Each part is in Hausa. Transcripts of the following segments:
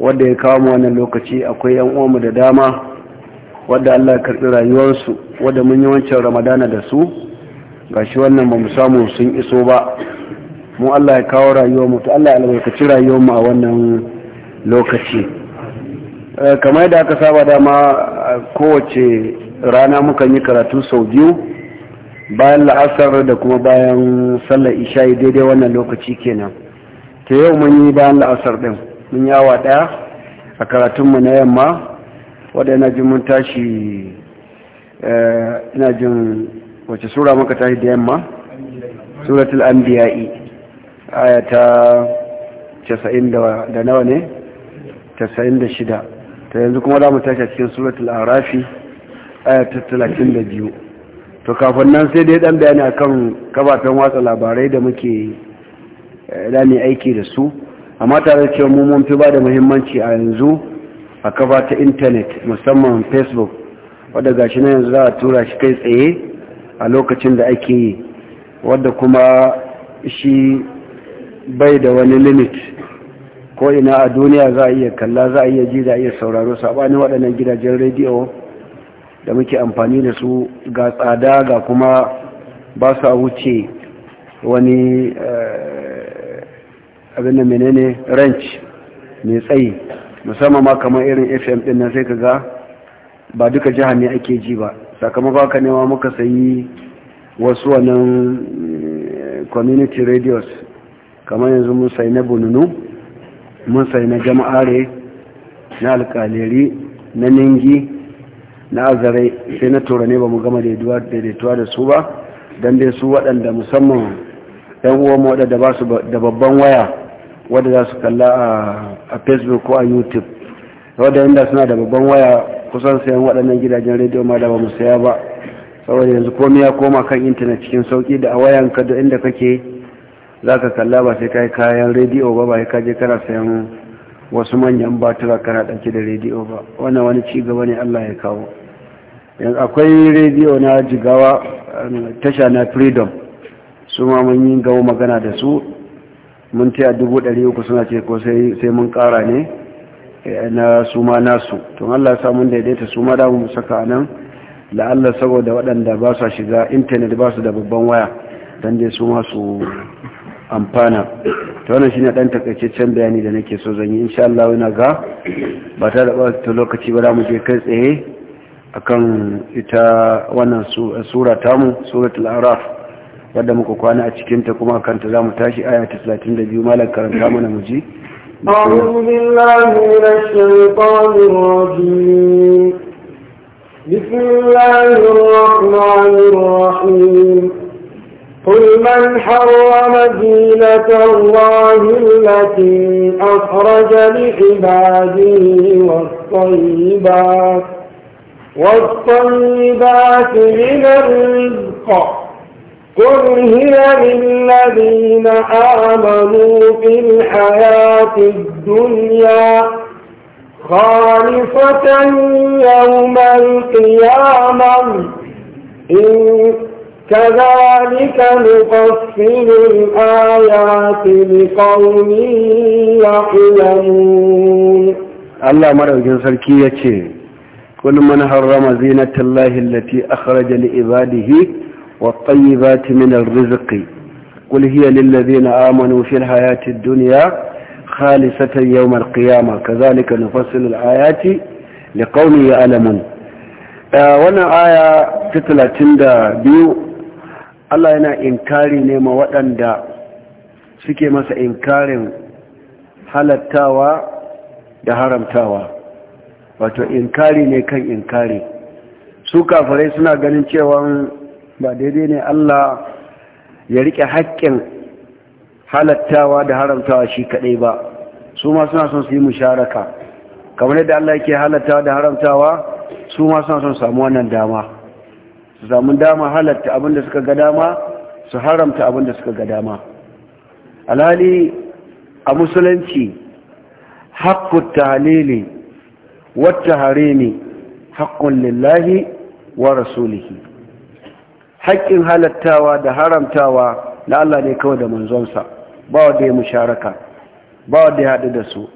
wanda ya kawo mu wannan lokaci akwai yan uwanmu da dama wanda Allah ya karɓi rayuwarsu wanda mun yi wancan ramadana da su gashi wannan ba mu samu sun iso ba mu Allah ya kawo rayuwar mu to Allah ya albarkaci mu a wannan lokaci eh, kamar yadda aka saba dama kowace rana mukan yi karatu sau biyu bayan la'asar da kuma bayan sallar isha'i daidai wannan lokaci kenan ta yau mun yi bayan la'asar ɗin mun yawa ɗaya a karatunmu na yamma wadda yana jin mun tashi eh, ina jin wace sura muka tashi da yamma suratul anbiya'i aya ta 90 da nawa ne 96 ta yanzu kuma za mu tashi a cikin suratul arafi aya ta 32 to kafin nan sai dai dan bayani akan kafafen watsa labarai da muke dani eh, aiki da su amma tare cewa mu mun fi ba da muhimmanci a yanzu a kafa ta intanet musamman facebook wadda gashi na yanzu za a tura shi kai tsaye a lokacin da ake yi wadda kuma shi bai da wani limit ko ina a duniya za a iya kalla za a iya ji za a iya sauraro saɓanin waɗannan gidajen rediyo da muke amfani da su ga tsada ga kuma ba su wuce wani eh, abin da menene ranch mai tsayi musamman ma kamar irin fm din nan sai ka ga ba duka jihar ne ake ji ba sakamakon haka ne ma muka sayi wasu wannan eh, community radios kamar yanzu mun sai na bununu mun sai na jama'are na alkaleri na ningi na azarai sai na turane ba mu gama daidaituwa da su ba don dai su waɗanda musamman ɗan uwan waɗanda ba su da babban waya wadda za su kalla a facebook ko a youtube wadda inda suna da babban waya kusan sayan waɗannan gidajen rediyo ma da ba mu saya ba saboda yanzu komai ya koma kan intanet cikin sauki da a ka da inda kake za ka kalla ba sai kai kayan rediyo ba ba ka je kana sayan wasu manyan batura kana ɗauke da rediyo ba wannan wani ci gaba ne allah ya kawo yanzu akwai rediyo na jigawa um, tasha na freedom su ma mun yi gawo magana da su mun taya dubu ɗari uku suna ce ko sai mun ƙara ne eh, na su ma nasu tun allah samun daidaita su ma damu saka a nan la'alla saboda waɗanda ba su shiga intanet ba su da babban waya don dai su masu amfana ta wannan shine dan takaitaccen bayani da nake so zan yi sha Allah yana ga ba ta da ɓata lokaci ba mu je kai tsaye akan ita wannan sura tamu suratul araf wadda muka kwana a cikin ta kuma kanta za mu tashi aya 32 malam karanta mana muji أعوذ بالله من الشيطان الرجيم بسم الله الرحمن الرحيم قل من حرم دينة الله التي أخرج لعباده والطيبات والطيبات من الرزق قل هي للذين آمنوا في الحياة الدنيا خالصة يوم القيامة إن كذلك نفصل الآيات لقوم يعلمون الله مرة سركي يتشي كل من حرم زينة الله التي أخرج لعباده والطيبات من الرزق قل هي للذين آمنوا في الحياة الدنيا خالصة يوم القيامة كذلك نفصل الآيات لقوم يعلمون wannan aya ta talatin da biyu Allah yana inkari waɗanda suke masa inkarin halattawa da haramtawa wato inkari ne kan inkari su kafirai suna ganin cewa ba daidai ne Allah ya rike haƙƙin halattawa da haramtawa shi kaɗai ba su ma suna son su yi musharaka kamar yadda Allah yake halattawa da haramtawa su ma suna son samu wannan dama su samu dama halatta abinda suka ga dama su haramta abinda suka ga dama alhali a musulunci haƙƙun tahalili wata ne haƙƙun lillahi wa rasulihi haƙƙin halattawa da haramtawa na Allah ne kawai da manzonsa ba wanda ya musharaka ba wanda ya haɗu da su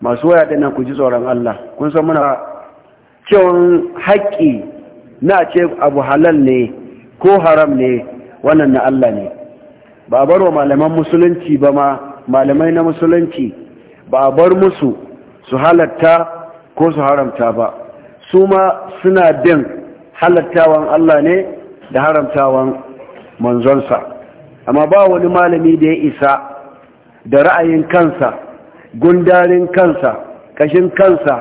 masu waya ɗin nan ku ji tsoron Allah kun san muna cewon haƙƙi na ce abu halal ne ko haram ne wannan na Allah ne ba a bar wa malaman musulunci ba ma malamai na musulunci ba a bar musu su halatta ko su haramta ba su ma suna bin halattawan Allah ne da haramtawan manzonsa amma ba wani malami da ya isa da ra'ayin kansa gundarin kansa kashin kansa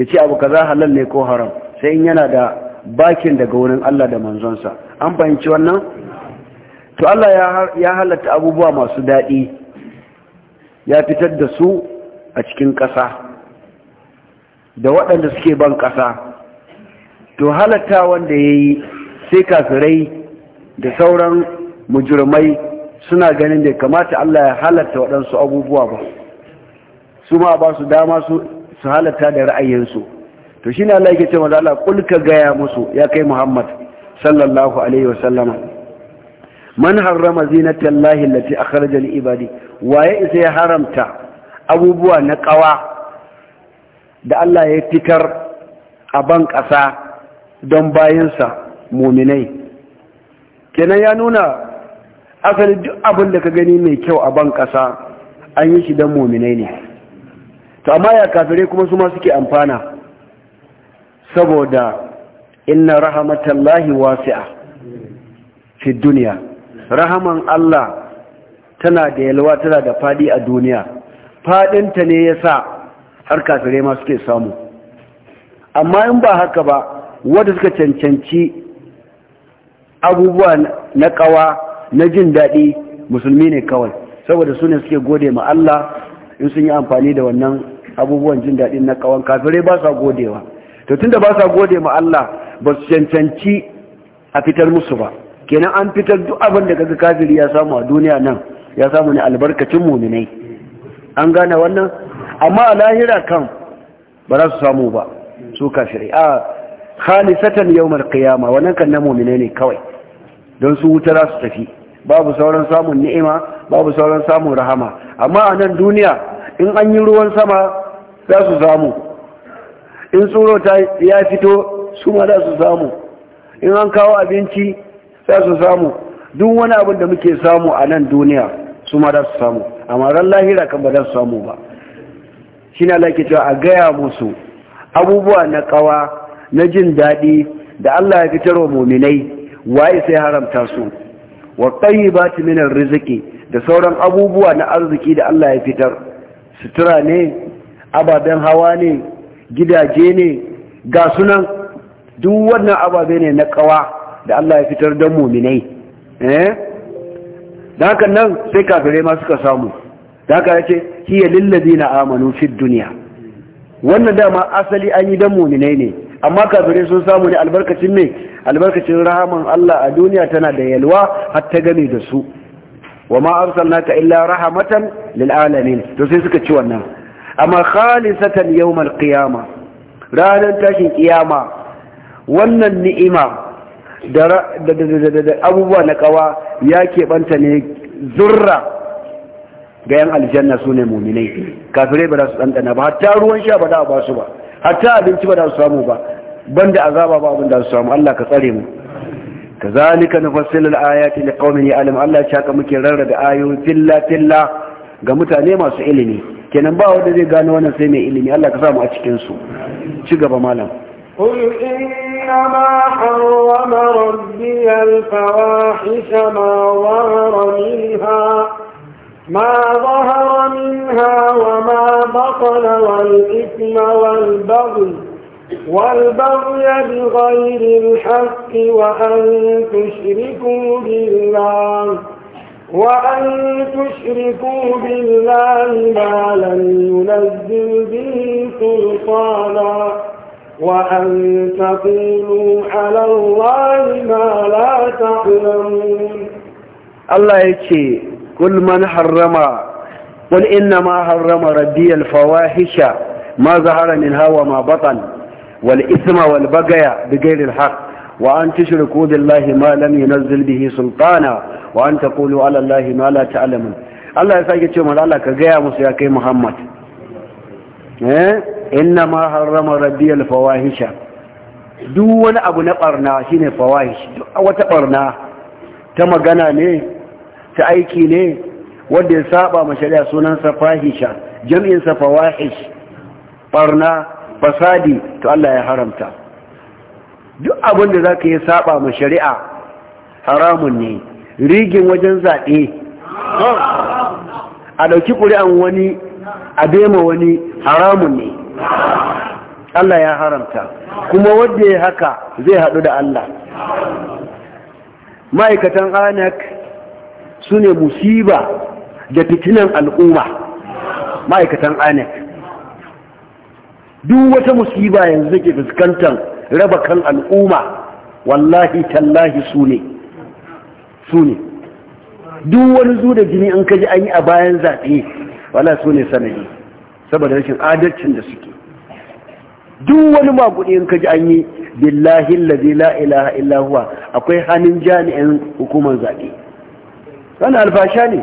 ya ce abu kaza halal ne ko haram sai in yana da bakin daga wurin Allah da manzonsa an fahimci wannan to Allah ya halatta abubuwa masu daɗi ya fitar da su a cikin ƙasa da waɗanda suke ban ƙasa to halatta wanda ya yi sai kafirai da sauran mujirmai suna ganin da kamata Allah ya halatta waɗansu abubuwa ba su ma ba su dama su halatta da ra'ayinsu to shi ne Allah ya ce wanda Allah kulka gaya musu ya kai Muhammad sallallahu alaihi wasallama man harrama zinata lahi lati akhraja li ibadi waye isa ya haramta abubuwa na ƙawa da Allah ya fitar a ban ƙasa don bayansa muminai kenan ya nuna asali duk abin da ka gani mai kyau a ban ƙasa an yi shi don muminai ne to amma ya kafirai kuma su ma suke amfana saboda inna lahi wasi'a fi duniya rahaman Allah tana da yalwa tana da fadi a duniya fadinta ne ya sa har kafirai ma suke samu amma in ba haka ba wadda suka cancanci abubuwa na kawa na jin daɗi musulmi ne kawai saboda su ne suke gode ma Allah in sun yi amfani da wannan abubuwan jin daɗi na kawan kafirai ba sa godewa to tunda ba sa gode ma Allah ba su cancanci a fitar musu ba kenan an fitar duk abin da kaga kafiri ya samu a duniya nan ya samu ne albarkacin muminai an gane wannan amma a lahira kan ba za su samu ba su kafirai a ah, khalisatan yawmal qiyama wannan kan mu'mine ne kawai don su wuta za su tafi babu sauran samun ni'ima babu sauran samun rahama amma a nan duniya in an yi ruwan sama za su samu in tsoro ta ya fito su ma za su samu in an kawo abinci za su samu duk wani abin da muke samu a nan duniya su ma za su samu amma ran lahira kan ba za su samu ba shi na lake cewa a gaya musu abubuwa na kawa na jin daɗi da Allah ya fitar wa muminai waye sai haramta su wa ta minar riziki. da sauran abubuwa na arziki da Allah ya fitar sutura ne ababen hawa ne gidaje ne ga sunan duk wannan ababe ne na kawa da Allah ya fitar don muminai eh da haka nan sai kafire ma suka samu da haka yace hiya na amanu fid dunya wannan dama asali an yi don muminai ne amma kafirai sun samu ne albarkacin ne, albarkacin rahaman Allah a duniya tana da yalwa har ta game da su wa ma arsalnaka illa rahmatan lil alamin to sai suka ci wannan amma khalisatan yawmal qiyama ranar tashin kiyama wannan ni'ima da abubuwa na kawa ya ɓanta ne zurra ga yan aljanna su ne muminai kafirai ba su ɗanɗana ba hatta ruwan sha ba da ba su ba hatta abinci ba da su samu ba banda azaba ba abin da su samu Allah ka tsare mu kazalika nufassilu al-ayati liqaumin ya'lamun Allah ya ka muke rarraba ayoyi filla filla ga mutane masu ilimi kenan ba wanda zai gano wannan sai mai ilimi Allah ka samu a cikin su ci gaba malam قل إنما حرم ربي الفواحش ما ظهر منها ما ظهر منها وما بطن والإثم والبغي والبغي بغير الحق وأن تشركوا بالله وأن تشركوا بالله ما لم ينزل به سلطانا وأن تقولوا على الله ما لا تعلمون الله يكفي قل من حرم قل إنما حرم ربي الفواحش ما ظهر منها وما بطن والإثم والبقية بغير الحق وأن تشركوا بالله ما لم ينزل به سلطانا وأن تقولوا على الله ما لا تعلمون الله يساك تشوم الله كغيا مسياكي محمد إيه؟ إنما حرم ربي الفواحش دون أبو نقرنا شين فواحش وتقرنا تمغنا ne ta aiki ne wanda ya saba ma shari'a sunansa fahisha jami'insa fawahish barna fasadi to Allah ya haramta duk abinda da zaka yi saba ma shari'a haramun ne rigin wajen zaɓe a ɗauki ƙuri'an wani a bema wani haramun ne Allah ya haramta kuma wanda ya haka zai haɗu da Allah ma'aikatan anak su ne musiba da fitinan al'umma ma'aikatan anec duk wata musiba yanzu da ke fuskantar raba kan al'umma wallahi tallahi su ne su ne duk wani zu da jini an kaji an yi a bayan zaɓe wala su ne sanayi saboda rashin adalcin da suke duk wani maguɗi an kaji an yi billahi la ilaha illa huwa akwai hannun jami'in hukumar zaɓe wannan alfasha ne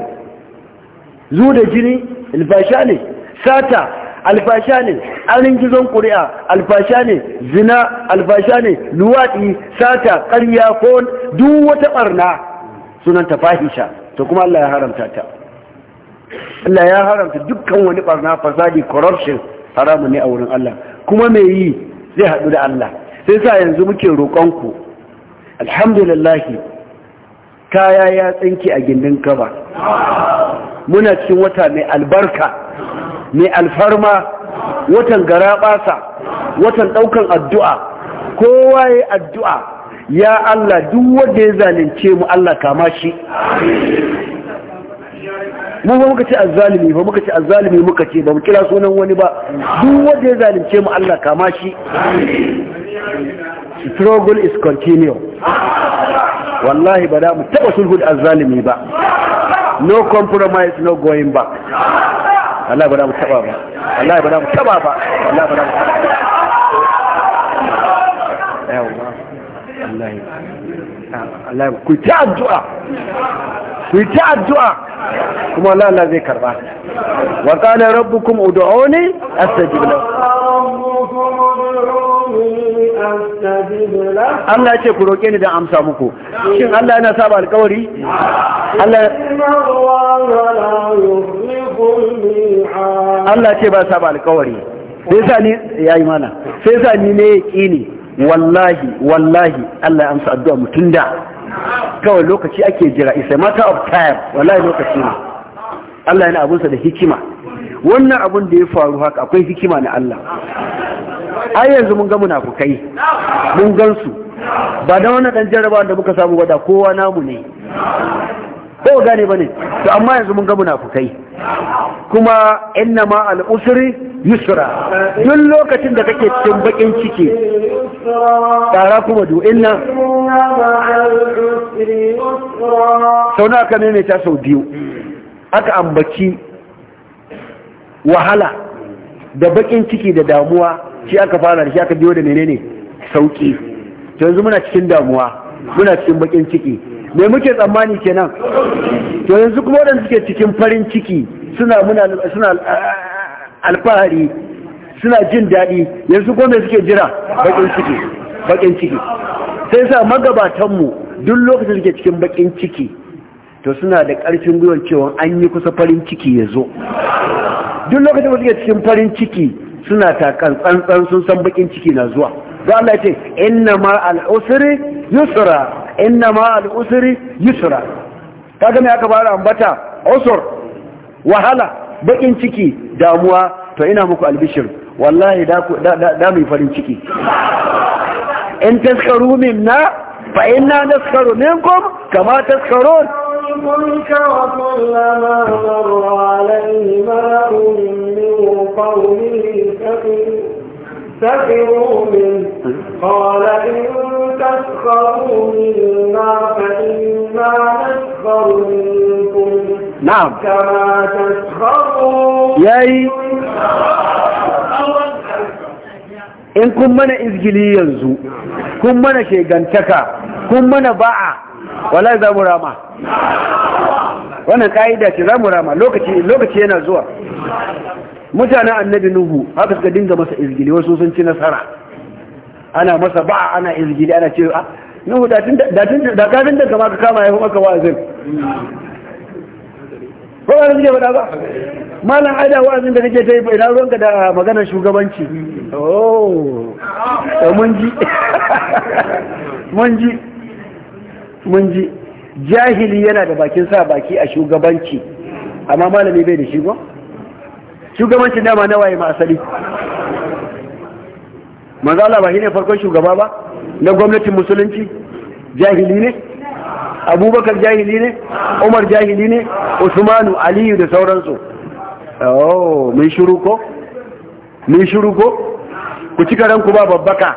zu da jini alfasha ne sata alfasha ne arin gizon ƙuri'a alfasha ne zina alfasha ne luwaɗi sata ƙarya ko duk wata ɓarna sunan ta fahisha to kuma Allah ya haramta ta Allah ya haramta dukkan wani ɓarna fasadi corruption haramu ne a wurin Allah kuma mai yi zai haɗu da Allah sai sa yanzu muke roƙonku alhamdulillahi kaya ya tsinki a gindin kaba muna cikin wata mai albarka mai alfarma watan garaɓasa watan ɗaukan addu'a kowa ya addu'a ya Allah duk wanda ya zalunce mu Allah kama shi mu ba muka ce azzalimi ba muka ce azzalimi muka ce ba mu kira sunan wani ba duk wanda ya zalunce mu Allah kama shi struggle is continue wallahi ba da mu taba sulhu da azzalimi ba no compromise no going back Allah ba da mu taba ba Allah ba da mu taba ba Allah ba da mu taba ba Allah ku ta addu'a ku ta addu'a kuma Allah zai karba wa qala rabbukum ud'uni astajib lakum Allah ce ku roƙe ni don amsa muku shin Allah yana saba alƙawari Allah ce ba saba alƙawari sai sa ni ya yi mana sai sa ni ne ni? wallahi wallahi Allah ya amsa addu'a mutum da kawai lokaci ake jira isa mata of time wallahi lokaci ne Allah yana abunsa da hikima wannan abun da ya faru haka akwai hikima na Allah har yanzu mun ga munafukai mun gansu ba da wannan dan jarrabawa da muka samu wada kowa namu ne ko gane bane to amma yanzu mun ga munafukai kuma inna ma al yusra duk lokacin da kake cikin bakin ciki tara kuma du inna sau na aka ta sau biyu aka ambaci wahala da bakin ciki da damuwa shi aka fara da shi aka biyo da menene sauki yanzu muna cikin damuwa muna cikin bakin ciki me muke tsammani kenan to yanzu kuma wadanda suke cikin farin ciki suna muna suna alfahari suna jin daɗi yanzu kuma suke jira bakin ciki bakin ciki sai sa mu duk lokacin suke cikin bakin ciki to suna da ƙarfin gwiwar cewa an yi kusa farin ciki ya zo duk lokacin da suke cikin farin ciki suna takan tsantsan sun san bakin ciki na zuwa don Allah ce inna ma al'usri yusra inna ma al'usri yusra kaga me aka fara ambata usur wahala bakin ciki damuwa to ina muku albishir wallahi da da mai farin ciki in taskaru minna fa inna naskaru minkum kama taskarun الفلك وكلما مر عليه ماء من قومه سكروا منه قال إن تسخروا منا فإنا نسخر منكم نعم كما تسخرون ياي in من إزجلي ينزو yanzu من شيء جنتكا kun من ba'a wala za mu rama wannan ka'ida ce za mu rama lokaci yana zuwa mutanen annabi nuhu haka suka dinga masa izgili wasu sun ci nasara ana masa ba ana izgili ana ce a ah, nuhu da kafin da kama ka kama ya fi maka wa'azin ba ba suke faɗa ba malam aida wa'azin da kake ta yi ina ruwanka da maganar shugabanci oh mun ji mun ji mun ji jahili yana da bakin sa baki a shugabanci amma malami bai da shi ba shugabancin dama na waye ma asali manzo Allah ba farkon shugaba ba na gwamnatin musulunci jahili ne abubakar jahili ne umar jahili ne usmanu aliyu da sauransu oh mun shiru ko mun shiru ko ku cika ranku ba babbaka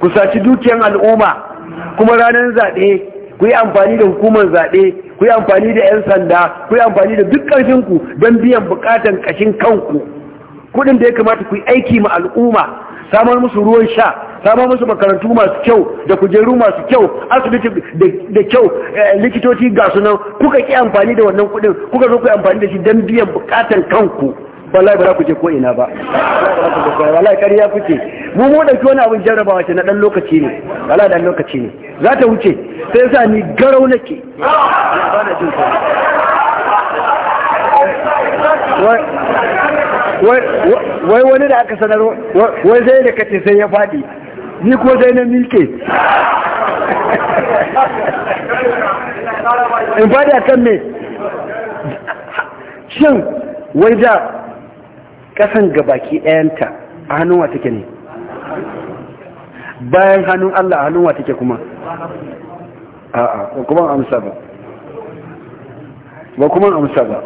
ku saci dukiyan al'umma kuma ranar zaɓe ku yi amfani da hukumar zaɓe ku yi amfani da 'yan sanda ku yi amfani da duk ƙarfinku don biyan buƙatan ƙashin kanku kuɗin da ya kamata ku yi aiki ma al'umma samar musu ruwan sha samar musu makarantu masu kyau da kujeru masu kyau asibiti da kyau eh, likitoci ga sunan kuka ƙi amfani da wannan kuɗin kuka zo ku yi amfani da shi don biyan buƙatan kanku wallahi ba za ku je ko ina ba wallahi ya kuke mu mu dauki wani abin jarrabawa ce na dan lokaci ne wallahi dan lokaci ne za ta wuce sai yasa ni garau nake ba na jin wai wani da aka sanar wai zai da kace sai ya faɗi ni ko zai na milke in faɗi akan me shin wai da ga gabaki ɗayanta a hannun wa take ne bayan hannun Allah a hannun wa take kuma a'a kuma amsa ba ba kuma amsa ba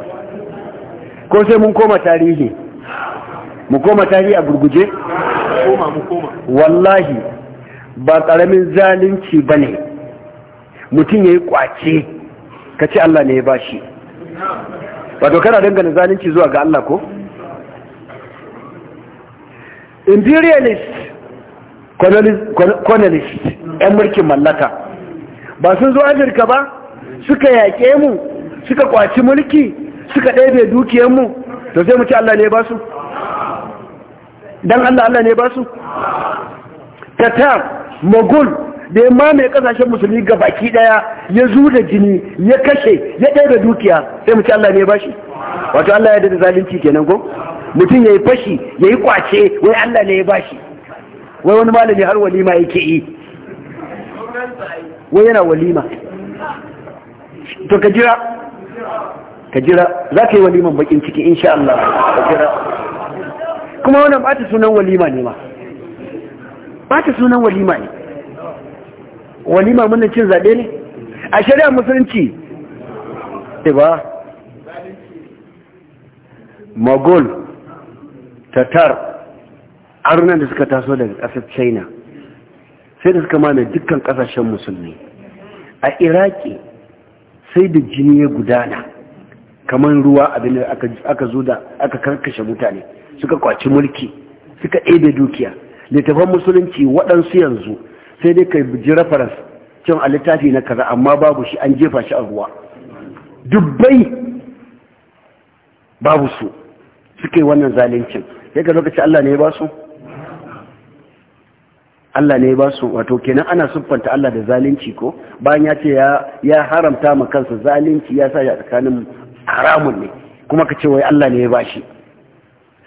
ko sai mun koma tarihi mu koma tarihi a gurguje wallahi ba ƙaramin zalunci ba ne mutum ya yi ƙwace ka ce Allah ne ya ba shi ba to kana dangane zalunci zuwa ga Allah ko? imperialist colonist yan mulkin mallaka ba sun zo amurka ba suka yaƙe mu suka kwaci mulki suka ɗaibe dukiyarmu to sai mu ci Allah ne ba su don Allah Allah ne ba su tatar mogul da ya mamaye kasashen musulmi ga baki daya ya zuda jini ya kashe ya ɗaibe dukiya sai mu ci Allah ne ba shi wato Allah ya da zalunci kenan ko mutum ya yi fashi ya yi kwace wai Allah ne ya bashi wai wani malami har walima yake yi wai yana walima to ka jira ka jira za ka yi waliman bakin ciki insha Allah ka jira kuma wannan ba ta sunan walima ne ma ba ta sunan walima ne walima muna cin zaɓe ne a shari'a musulunci eh ba magol tatar arunan da suka taso daga ƙasar china sai da suka mana dukkan ƙasashen musulmi a iraki sai da jini ya gudana kamar ruwa abin da aka zo da aka karkashe mutane suka kwaci mulki suka ɗebe dukiya littafan musulunci waɗansu yanzu sai dai ka ji reference cin a littafi na kaza amma babu shi an jefa shi a ruwa dubbai babu su suke wannan zalincin sai ka lokaci Allah ne ya ba su Allah ne ya ba su wato kenan ana siffanta Allah da zalunci ko bayan ya ce ya haramta ma kansa zalunci ya sa ya tsakanin haramun ne kuma ka ce wai Allah ne ya ba shi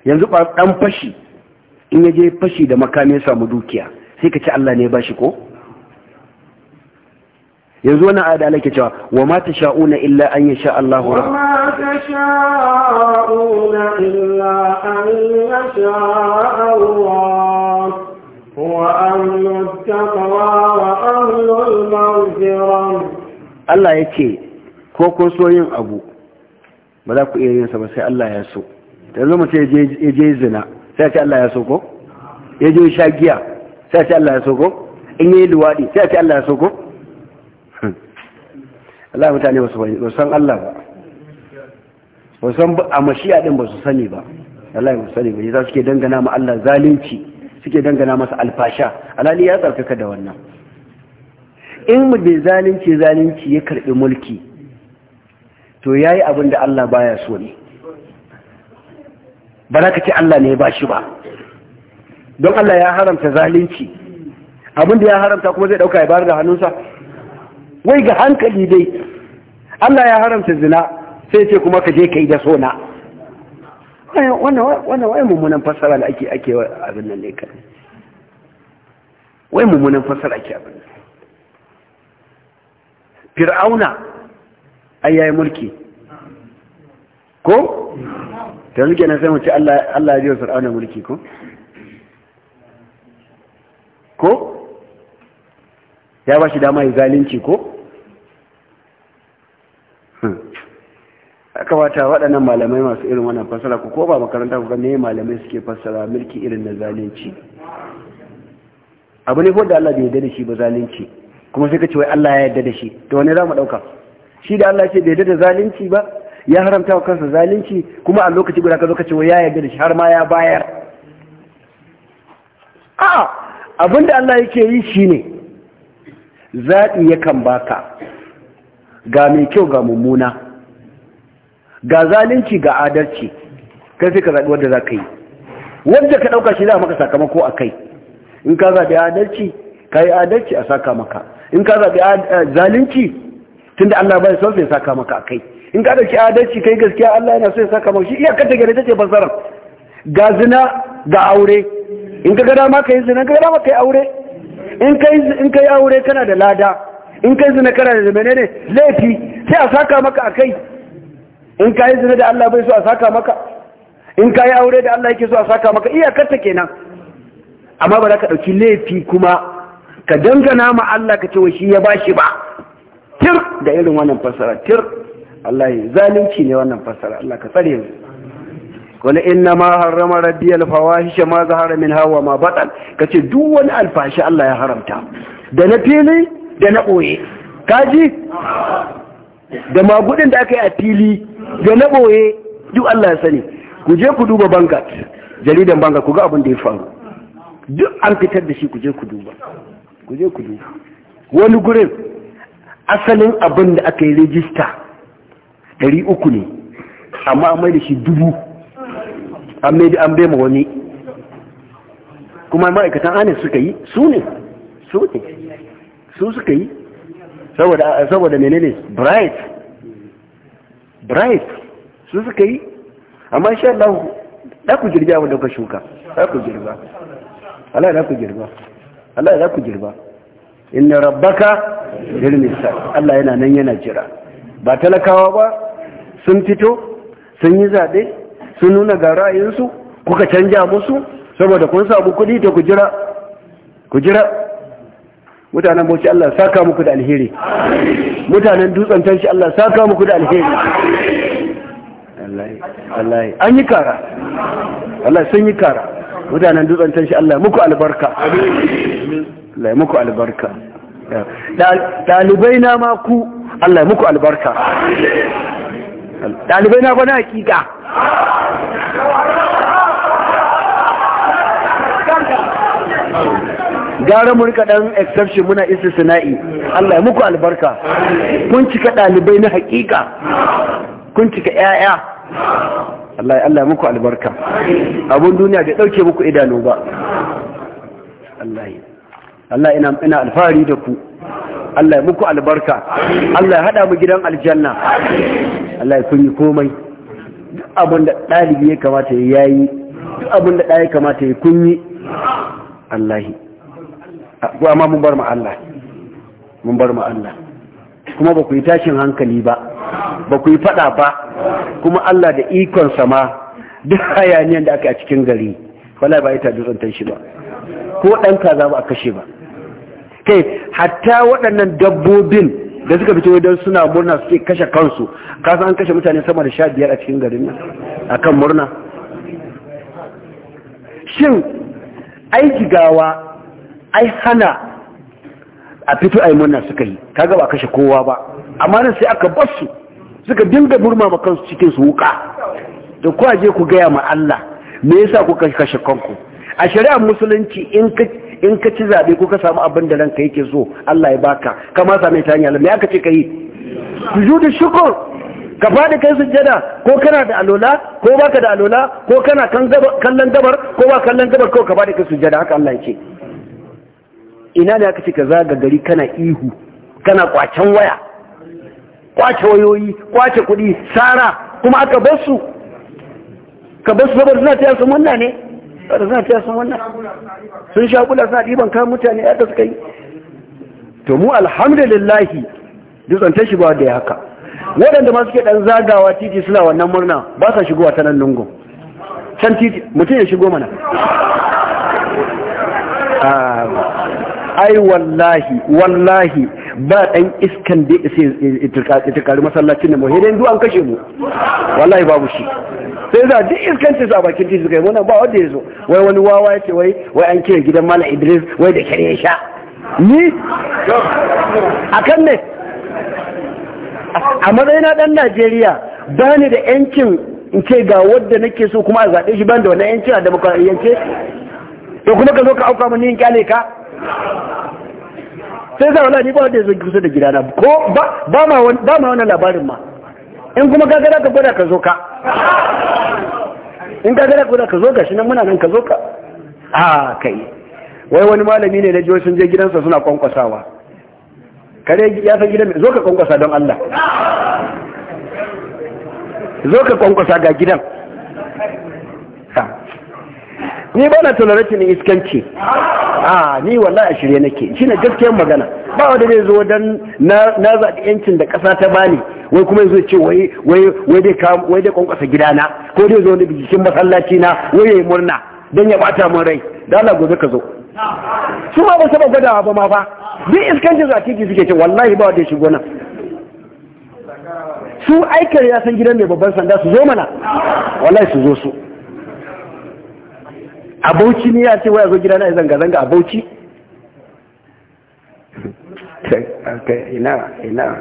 yanzu ba dan fashi in ya je fashi da makami ya samu dukiya sai ka ce Allah ne ya ba shi ko yanzu wannan a da Allah ke cewa wa ma ta sha'una illa an yasha Allah wa ma ta sha'una illa an yasha Allah an amru taqwa wa amru al-maghfirah Allah yake ko kun so yin abu ba za ku iya yin sa ba sai Allah ya so yanzu mu ce ya je zina sai ce Allah ya so ko ya je shagiya sai ce Allah ya so ko in yi luwadi sai ce Allah ya so ko Allah mutane ba san Allah ba ba san a mashiya din ba su sani ba Allah ya sani ba yasa suke dangana ma Allah zalunci suke dangana masa alfasha alali ya tsarkaka da wannan in mu bai zalunci zalunci ya karbi mulki to yayi abin da Allah baya so ne ba za ka ce Allah ne ba shi ba don Allah ya haramta zalunci abin da ya haramta kuma zai dauka ya bayar da hannunsa wai ga hankali dai Allah ya haramta zina sai ce kuma ka je ka yi da sona wannan wai mummunan fassara da ake ake abin nan ne kan wai mummunan fassara ake abin nan fir'auna ai yayi mulki ko ta yanzu kenan sai mace Allah ya ji wa fir'auna mulki ko ko ya ba shi dama ya zalunci ko hmm. kawata waɗannan malamai masu irin wannan fassara ku ko ba makaranta ku ne malamai suke fassara mulki irin na zalunci abu ne ko da Allah bai yarda da shi ba zalunci kuma sai ka ce wai Allah ya yarda da shi to wani za mu ɗauka shi da Allah ce bai yarda da zalunci ba ya haramta wa kansa zalunci kuma a lokaci guda ka zo ka ce wai ya yarda da shi har ma ya bayar a'a abinda Allah yake yi shine zaɓi yakan baka ga mai kyau ga mummuna ga zalunci ga adalci kai sai ka zaɓi wanda za ka yi wanda ka ɗauka shi za a maka sakamako a kai in ka zaɓi adalci ka yi adalci a saka maka in ka zaɓi eh, zalunci tunda Allah bai son sai saka maka a kai in ka ɗauki adalci kai gaskiya Allah yana so ya saka maka shi iyakar kanta gare ta ce fasarar ga zina ga aure in ka gada ma ka yi zina ka gada ma ka yi aure in kai aure kana da lada in kai zina kana da ne laifi sai a saka maka a kai in ka yi zina da Allah bai so a saka maka in ka yi aure da Allah yake so a saka maka ke kenan amma ba za ka ɗauki laifi kuma ka dangana ma Allah ka ce wa shi ya shi ba tir da irin wannan fasara tir Allah ya zalunci ne wannan fasara Allah ka tsare yanzu. قل إنما حرم ربي الفواحش ما ظهر منها وما بطن كتي دون الفاحش الله يا حرمتها da na fili da na ɓoye kaji da magudin da aka yi a fili da na ɓoye duk Allah ya sani ku je ku duba bangat jaridan bangat ku ga abin da ya faru duk an fitar da shi ku je ku duba ku je ku duba wani gurin asalin abin da aka yi rijista uku ne amma amai da shi dubu an mai an bai ma wani kuma ma'aikatan anin suka yi su ne su ne su suka yi saboda menene bright bright su suka yi amma sha Allah da ku girbi wanda ka shuka da ku girba Allah da ku girba Allah da ku girba inna rabbaka lilmisal Allah yana nan yana jira ba talakawa ba sun fito sun yi zabe sun nuna ga ra'ayinsu kuka canja musu saboda kun samu kudi da ku jira ku jira mutanen bauchi Allah saka muku da alheri mutanen dutsen tanshi Allah saka muku da alheri Allah an yi kara Allah sun yi kara mutanen dutsen tanshi Allah muku albarka Allah muku albarka ɗalibai na maku, Allah muku albarka ɗalibai na ba na hakika gara mu rika dan exception muna istisna'i Allah ya muku albarka kun cika dalibai na hakika kun cika yaya Allah ya Allah muku albarka abun duniya da dauke muku idanu ba Allah Allah ina ina alfari da ku Allah ya muku albarka Allah ya hada mu gidan aljanna Allah ya kunyi komai duk abin da ɗalibi ya kamata ya yayi duk abin da ɗaya kamata ya kunyi Allahi ko amma mun bar mu Allah mun bar mu Allah kuma ba ku yi tashin hankali ba ba ku yi faɗa ba kuma Allah da ikon sama duk hayaniyan da aka a cikin gari wala ba ita dutsen tashi ba ko ɗan kaza ba a kashe ba kai hatta waɗannan dabbobin da suka fito don suna murna suke kashe kansu kasu an kashe mutane sama da sha biyar a cikin garin nan kan murna shin aiki gawa ai hana a fito ai murna suka yi kaga ba kashe kowa ba amma nan sai aka basu suka dinga murma ma kansu cikin su wuka da ku aje ku gaya ma Allah me yasa kuka kashe kanku a shari'ar musulunci in ka ci zaɓe ko ka samu abin da ranka yake so Allah ya baka kama same ta hanyar Ya aka ce ka yi Su da shukur. ka fadi kai sujjada ko kana da alola ko baka da alola ko kana kallon gabar ko ba kallon gabar ko ka da kai sujjada haka Allah ya ce ina ne aka ce ka zaga gari kana ihu kana kwacen waya kwace wayoyi kwace kuɗi sara kuma aka bar su ka bar su saboda suna ta su wannan ne da suna ta sun wannan sun sha kula sa ɗiban kan mutane yadda suka yi to mu alhamdulillahi dutsantar shi ba da ya haka waɗanda ma suke ɗan zagawa titi suna wannan murna ba sa shigowa ta nan lungun can titi mutum ya shigo mana ah, ai wallahi wallahi ba ɗan iskan da ya turkari masallacin da muhirin duwan kashe mu wallahi babu shi sai za duk iskancin su a bakin titi kai wannan ba wanda ya zo wai wani wawa ya ce wai wai an kira gidan mala idris wai da kare sha ni a kan ne a matsayina dan najeriya ba ni da yancin in ce ga wadda nake so kuma a zaɓe shi ban da wani yanci a ce to kuma ka zo ka auka mani yin kyale ka sai za wala ni ba wanda ya zo kusa da gidana ko ba ma wannan labarin ma in kuma ka gada ka gwada ka zo ka in ka gada ka gwada ka zo ka shi nan muna nan ka zo ka a kai wai wani malami ne na jiyo sun je gidansa suna kwankwasawa kare ya san gidan zo ka kwankwasa don Allah zo ka kwankwasa ga gidan ni ba na ni iskanci a ah, ni wallahi a shirye nake shine gaskiyar magana ba wanda zai zo dan na zaɗi yancin da ƙasa ta bani wai kuma zai ce wai wai dai wai dai kwankwasa gidana ko dai zo da bikin masallaci na wai yayi murna dan ya bata mun rai da Allah gobe ka zo su ma ba saba gwadawa ba ma fa duk iskancin zakiki suke ce wallahi ba wanda ya shigo nan su aikar ya san gidan mai babban sanda su zo mana wallahi su zo su abauci ne ya ce waya zo gidana ya zanga-zanga abauci? ina ina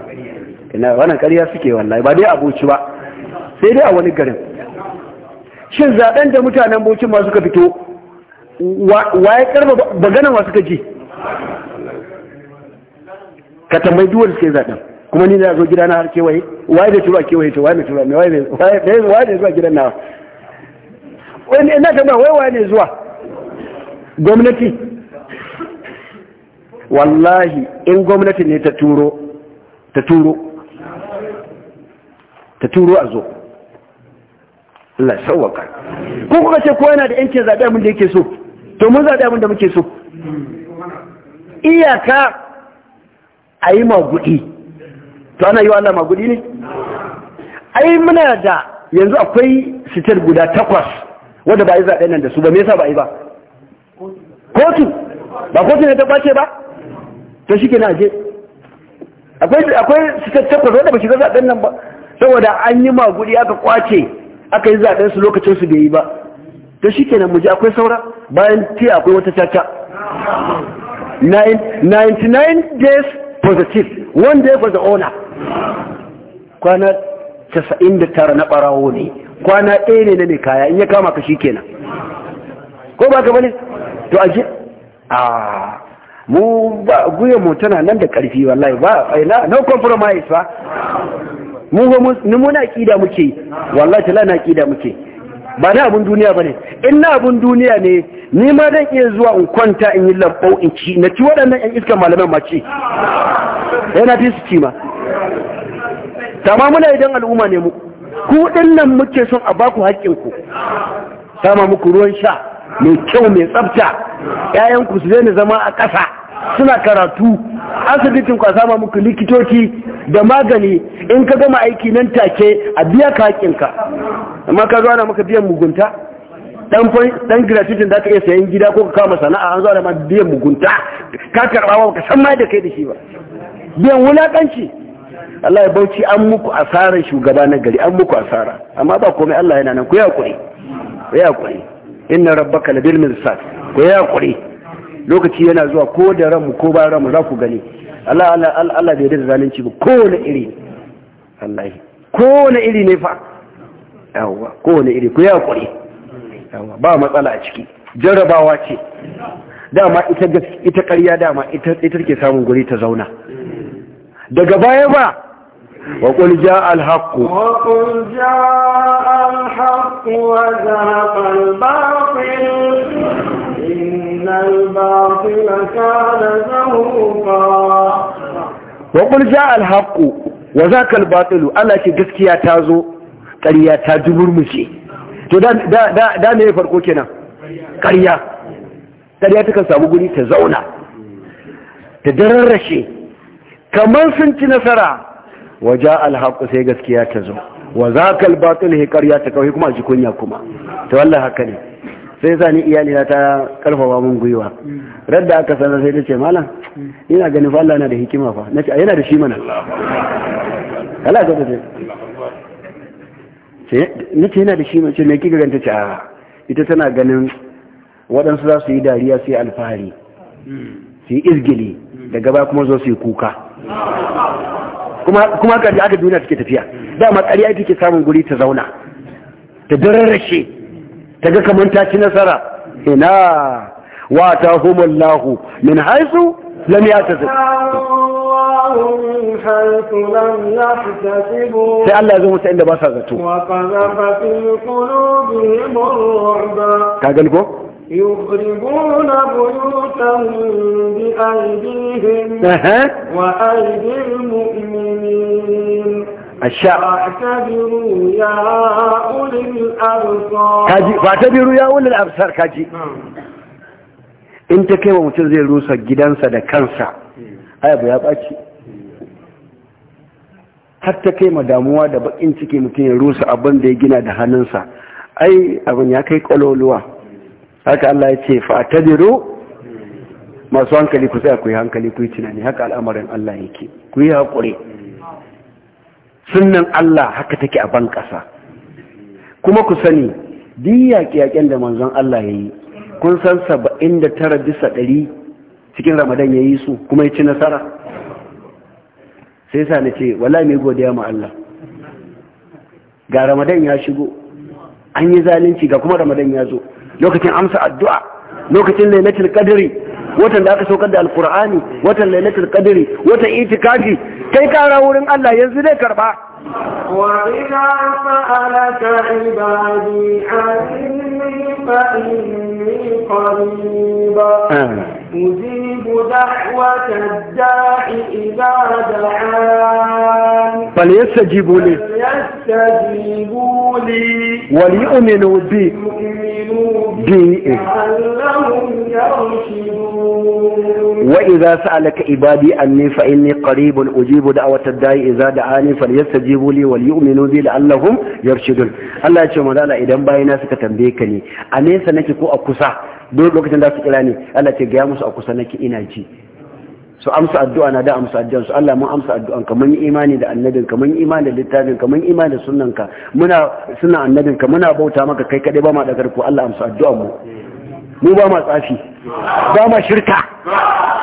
ina wannan ƙarya suke wallahi ba dai abauci ba sai dai a wani garin shin zaɗen da mutanen bauchi ma suka fito Wa ya karba baganan wa suka ji ka tambayi duwar suke zaɗen kuma ni na zo gidana har kewaye waye da turu a kewaye to waye da turu waye da zuwa gidan nawa wani ina ta ba wai waye ne zuwa gwamnati wallahi in gwamnati ne ta turo ta turo ta turo a zo Allah sauwaka ko kuka ce ko yana da yancin zaɓe abin da yake so to mun zaɓe mun da muke so iyaka a yi magudi to ana yi wa Allah magudi ne A yi muna da yanzu akwai sitar guda takwas wanda ba yi zaɓen nan da su ba me yasa ba yi ba kotu ba kotu ne ta kwace ba to shi ke je akwai akwai takwas wanda ba shiga zaɓen nan ba saboda an yi maguri aka kwace aka yi zaɓen su lokacin su bai yi ba to shi kenan mu je akwai saura bayan tiya akwai wata caca 99 days positive one day for the owner kwana 99 na ɓarawo ne kwana ɗaya ne na mai kaya in ya kama ka shi kenan ko ba ka bane to aje a mu ba guyen mu tana nan da ƙarfi wallahi ba ina no compromise ba mu ga mu muna kida muke wallahi tala na kida muke ba na abun duniya bane in na abun duniya ne ni ma dan iya zuwa in kwanta in yi lambau in ci na ci waɗannan ƴan iskan malaman ma ci yana fi su ci ma tamamuna idan al'umma ne mu ku nan muke son a baku haƙƙinku sama muku ruwan sha mai kyau mai tsafta ƴaƴanku su daina zama a ƙasa suna karatu asibitin ku a sama muku likitoci da magani in ka gama aiki nan take a biya ka haƙƙinka amma ka zo ana maka biyan mugunta dan gratitin da ka iya sayan gida ko ka kama sana'a an zo ana ma biyan mugunta ka karɓa ba ka san ma da kai da shi ba biyan wulaƙanci Allah ya bauchi an muku asara shugaba na gari an muku asara amma ba komai Allah yana nan ku ya kuri ku ya kuri inna rabbaka labil mirsad ku ya kuri lokaci yana zuwa ko da ranmu ko ba ranmu za ku gani Allah Allah Allah bai da zalunci ba wani iri Allah ko wani iri ne fa yawa wani iri ku ya kuri yawa ba matsala a ciki jarrabawa ce dama ita ita ƙarya dama ita ita take samun guri ta zauna daga baya ba وقل جاء الحق وقل جاء الحق وزهق الباطل إن الباطل كان زهوقا وقل جاء الحق وزهق الباطل ألا كجسكيا تازو قريا تاجمر مشي تو دا da da ne farko kenan ƙarya ƙarya ta تزونا samu guri ta zauna ta wa ja alhaqu sai gaskiya ta zo wa zakal batil hi ƙarya ta kawai kuma a ji kunya kuma to wallahi haka ne sai sa ni iyali ta karfafa mun gwiwa radda aka sanar sai ta ce malam ina ganin fa Allah na da hikima fa nace yana da shi mana Allah ka tace nace yana da shi mace me kika ganta ce a ita tana ganin waɗansu za su yi dariya su yi alfahari su yi izgili daga ba kuma zo su yi kuka kuma haka da aka duniya take tafiya dama ƙarya ita ke samun guri ta zauna ta dararrashe ta ga kamar ta ci nasara ina wa ta humullahu min haisu lam ya ta sai Allah ya zo musa inda ba sa zato ka gani ko يخربون بيوتهم بأيديهم وأيدي المؤمنين fatabiru ya ulil absar kaji in ta kai wa mutum zai rusa gidansa da kansa ayabu ya ɓaci har ta kai ma damuwa da bakin ciki mutum ya rusa abin da ya gina da hannunsa ai abin ya kai ƙwaloluwa haka Allah ya ce fatadiru masu hankali ku sai ku yi hankali ku yi tunani haka al'amarin Allah yake ku yi haƙuri sunnan Allah haka take a ban ƙasa kuma ku sani duk da manzon Allah ya yi kun san saba'in da tara bisa ɗari cikin ramadan ya yi su kuma ya ci nasara sai sa na ce wala mai godiya ma Allah ga ramadan ya shigo an yi zalunci ga kuma ramadan ya zo lokacin amsa addu'a lokacin lailatul qadri watan da aka saukar da alqur'ani watan lailatul qadri watan itikafi kai kara wurin Allah yanzu zai karba wa idza sa'alaka ibadi anni fa inni qariba eh. ujibu da'wata ad-da'i idza da'an falyastajibu li falyastajibu li wa li'minu bi wa idza sa'alaka ibadi anni fa inni qaribun ujibu da'wata da'i idza da'ani falyastajibu li wal yu'minu bi la'allahum yarshudun Allah ya ce manzala idan bayana suka tambaye ka ne a nesa nake ko a kusa duk lokacin da su kira ne Allah ce ga musu a kusa nake ina ji su amsa addu'a na da amsa addu'a su Allah mun amsa addu'an ka mun imani da annabin ka mun imani da littafin ka mun imani da sunnan ka muna suna annabin ka muna bauta maka kai kadai ba ma da karko Allah amsa addu'an mu mu ba ma tsafi ba ma shirka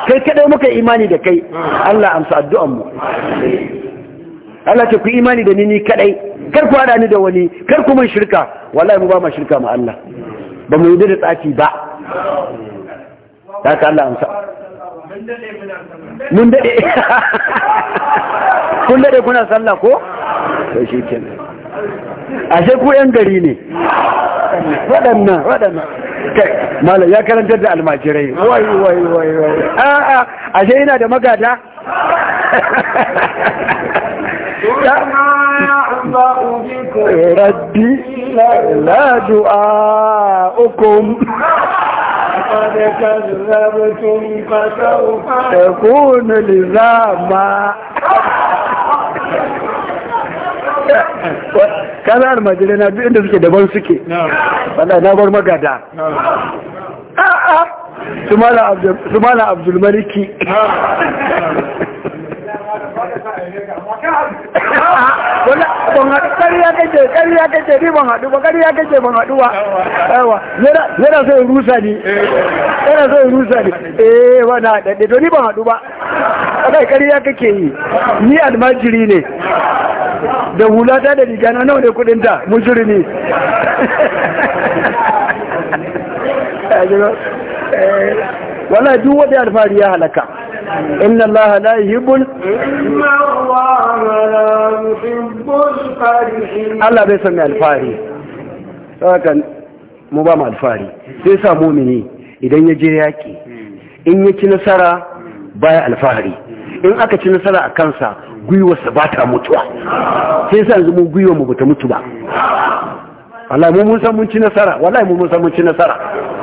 kai kadai muka imani da kai Allah amsa addu'an mu Allah ce ku imani da ni ni kadai kar ku hada ni da wani kar ku mun shirka wallahi mu ba ma shirka ma Allah ba mu yi da tsafi ba ta Allah amsa mun dade kun dade kuna sallah ko to shi kenan ashe ku yan gari ne waɗannan waɗannan kai malam ya karantar da almajirai wai wai wai wai a'a ashe yana da magada rabbi la du'a ukun. فقد كذبتم فسوف تكون لزاما kana almajirai na duk inda suke daban suke wanda na bar magada su mana abdulmaliki ban haɗu ƙarya kake ƙarya kake ni ban haɗu ba ƙarya kake ban haɗu ba yawa yana so in rusa ni yana so in rusa ni eh, eh wani haɗaɗɗe to ni ban haɗu ba kai ƙarya kake yi ni almajiri ne da hulata da rigana nawa ne kudinta mujiri ne eh. wala duk wata alfahari ya halaka inna Allah la yuhibbul inna Allah la yuhibbul farihin Allah bai san alfari mu ba mu alfari sai sa mumini idan ya je yaki in ya ci nasara baya alfahari in aka ci nasara a kansa sa ba ta mutuwa sai sa yanzu mu gwiwar mu bata mutu ba wallahi mun san mun ci nasara wallahi mun san mun ci nasara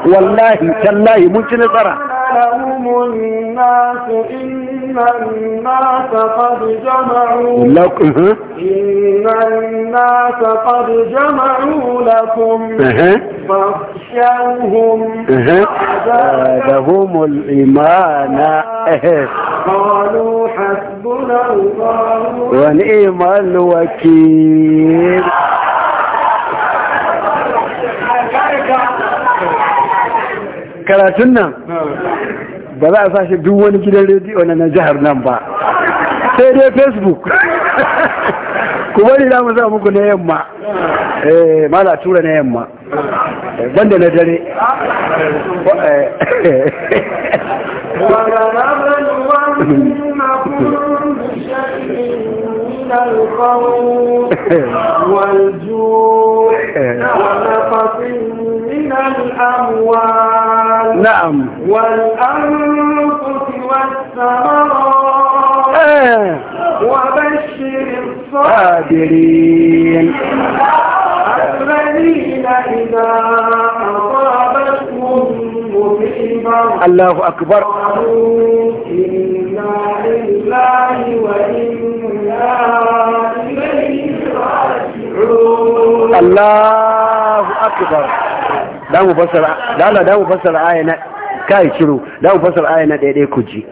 wallahi tallahi mun ci nasara لهم الناس إن الناس قد جمعوا لكم إن الناس قد جمعوا لكم فاخشوهم فزادهم الإيمان قالوا حسبنا الله ونعم الوكيل karatun سنة ba za a sashe duk wani gidan rediyo na na jihar nan ba sai dai facebook ku bari za mu za muku na yamma eh mala tura na yamma eh, banda na dare والخوف والجوع ونفع والأموال نعم والأنفس والثمرات آه. وبشر الصابرين الذين إذا أصابتهم مصيبة الله أكبر قالوا إنا لله وإنا إليه راجعون الله أكبر da mu fassara aya na kai shiru da mu fassara aya na daidai ku ji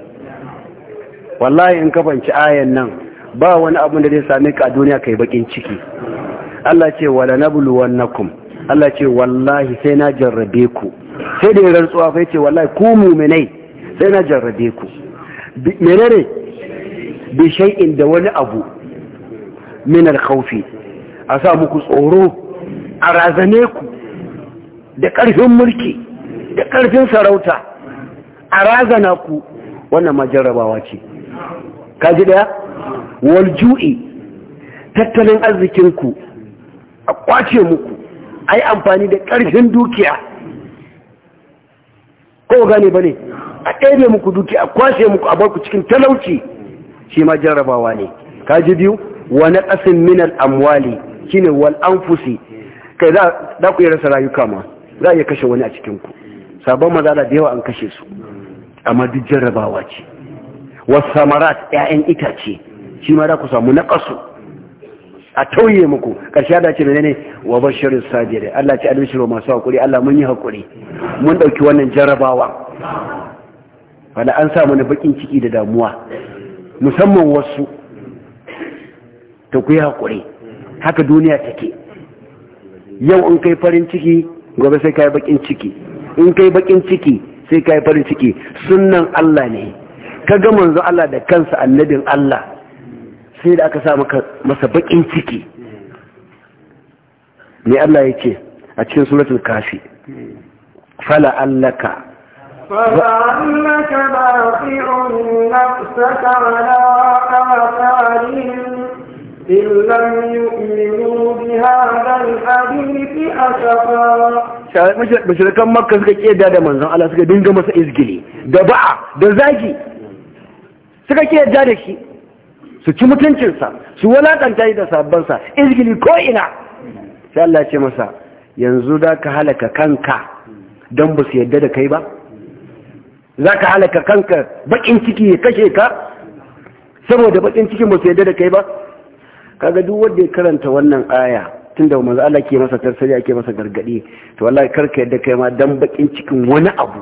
wallahi in ka banci ayan nan ba wani abun da zai same ka a duniya kai bakin ciki Allah ce wala wannakum Allah ce wallahi sai na jarrabe ku sai da rantsuwa fa ce wallahi ku mu'minai sai na jarrabe ku menene bi shay'in da wani abu min al-khawfi a sa muku tsoro a razane ku da ƙarfin mulki da ƙarfin sarauta a razana ku wannan ma jarrabawa ce kaji daya waljui ju'i tattalin arzikinku a kwace muku a yi amfani da ƙarfin dukiya ko gane ba ne a ɗebe muku dukiya a kwace muku a barku cikin talauci shi ma jarrabawa ne kaji biyu wani ƙasin minal amwali shine wal kai za ku yi rasa rayuka ma za a iya kashe wani a cikinku sabon mazala da yawa an kashe su amma duk jarrabawa ce wasu samarat 'ya'yan itace shi ma ku samu na ƙasu a tauye muku ƙarshe da ce menene wa bashirin sabiri Allah ce albishiru masu haƙuri Allah mun yi haƙuri mun ɗauki wannan jarrabawa wanda an samu na baƙin ciki da damuwa musamman wasu ta ku yi haƙuri haka duniya take yau in kai farin ciki gobe sai ka yi bakin ciki in ka yi bakin ciki sai ka yi farin ciki Sunan Allah ne ka ga manzo Allah da kansa annabin Allah sai da aka sa masa bakin ciki ne Allah ya a cikin suratul kafi fala allaka فَأَنَّكَ بَاقِعٌ نَفْسَكَ على آثارهم إن لم يؤمنوا بهذا الحديث أسفا mashirkan makka suka keda da manzan Allah suka dinga masa izgili da ba'a da zagi suka keda da shi su ci mutuncinsa su walakanta yi da sabbansa izgili ko ina sai Allah ce masa yanzu za ka halaka kanka don ba su yadda da kai ba za ka halaka kanka bakin ciki ya kashe ka saboda bakin cikin ba su yadda da kai ba kaga duk wanda ya karanta wannan aya tunda manzo Allah ke masa tarsari ake masa gargadi to wallahi karka yadda kai ma dan bakin cikin wani abu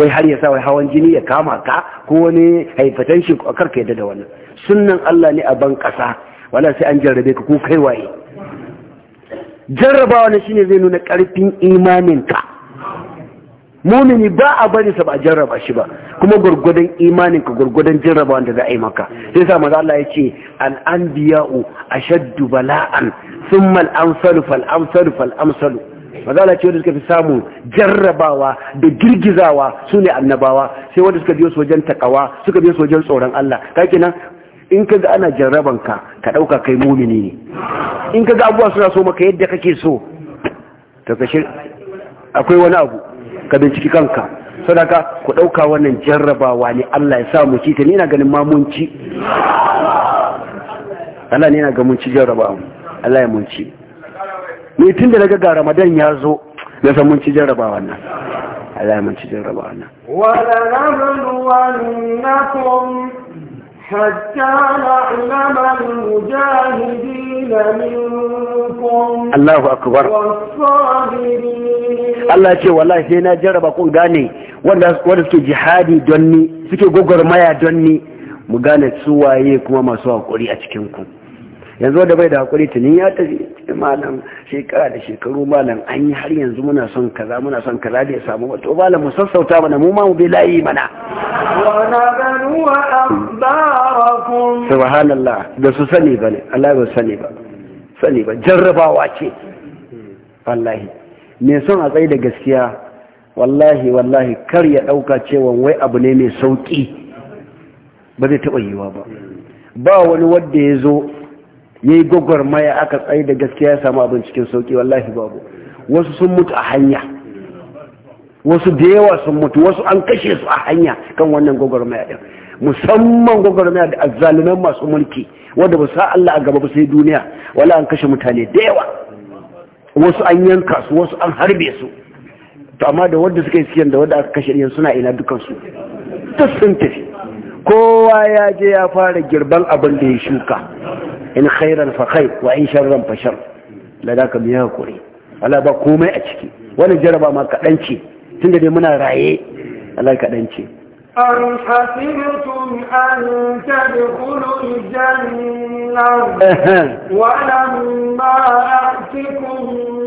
wai har ya sa wai hawan jini ya kama ka ko wani haifatan shi karka yadda da wannan sunnan Allah ne a ban kasa wala sai an jarrabe ka ko kai waye jarrabawa ne shine zai nuna karfin imanin ka mumini ba a bari sa ba jarraba shi ba kuma gurgudan imanin ka gurgudan jarraba wanda za a yi maka sai sa maza Allah ya ce al'anbiya'u ashaddu bala'an thumma al-amsalu fal amsalu fal amsalu maza Allah ce wanda suka fi samun jarrabawa da girgizawa sune annabawa sai wanda suka biyo su wajen takawa suka biyo su wajen tsoron Allah ka kenan in kaga ana jarraban ka ka dauka kai mumini ne in kaga abubuwa suna so maka yadda kake so to akwai wani abu ka binciki kanka sadaka ku ɗauka wannan jarrabawa ne Allah ya sa mu ci ta ni na ganin mamunci Allah ne na ga mun ci jarrabawa Allah ya mun ci ni tun da daga ga Ramadan ya zo na san mun ci jarrabawa nan Allah ya mun ci jarrabawa nan wa lanabluwannakum حتى نعلم المجاهدين منكم الله أكبر والصابرين الله ce wallahi sai na jarraba kun gane wanda suke jihadi don ni suke gogar maya don ni mu gane su waye kuma masu haƙuri a cikinku yanzu da bai da hakuri tuni ya tafi malam shekara da shekaru malam an yi har yanzu muna son kaza muna son kaza da ya samu wato malam mu sassauta mana mu ma mu bi layi mana subhanallah da su sani ba ne Allah ya sani ba sani ba jarrabawa ce wallahi me son a tsaye da gaskiya wallahi wallahi kar ya dauka cewa wai abu ne mai sauki ba zai taba yiwa ba ba wani wanda ya zo yayi gwagwarmaya aka tsaye da gaskiya ya samu abin cikin sauki wallahi babu wasu sun mutu a hanya wasu da yawa sun mutu wasu an kashe su a hanya kan wannan gwagwarmaya ɗin musamman gwagwarmaya da azaluman masu mulki wanda ba sa Allah a gaba ba sai duniya wala an kashe mutane da yawa wasu an yanka su wasu an harbe su to amma da wanda suka yi siyan da wanda aka kashe suna ina dukansu su sun tafi kowa ya je ya fara girban abin da ya shuka in khairan fa khair wa in sharran fa shar la da ka biya kure Allah ba komai a ciki wani jaraba ma kaɗan ce tunda dai muna raye Allah kaɗan ce أم حسبتم أن تدخلوا الجنة ولما أعتكم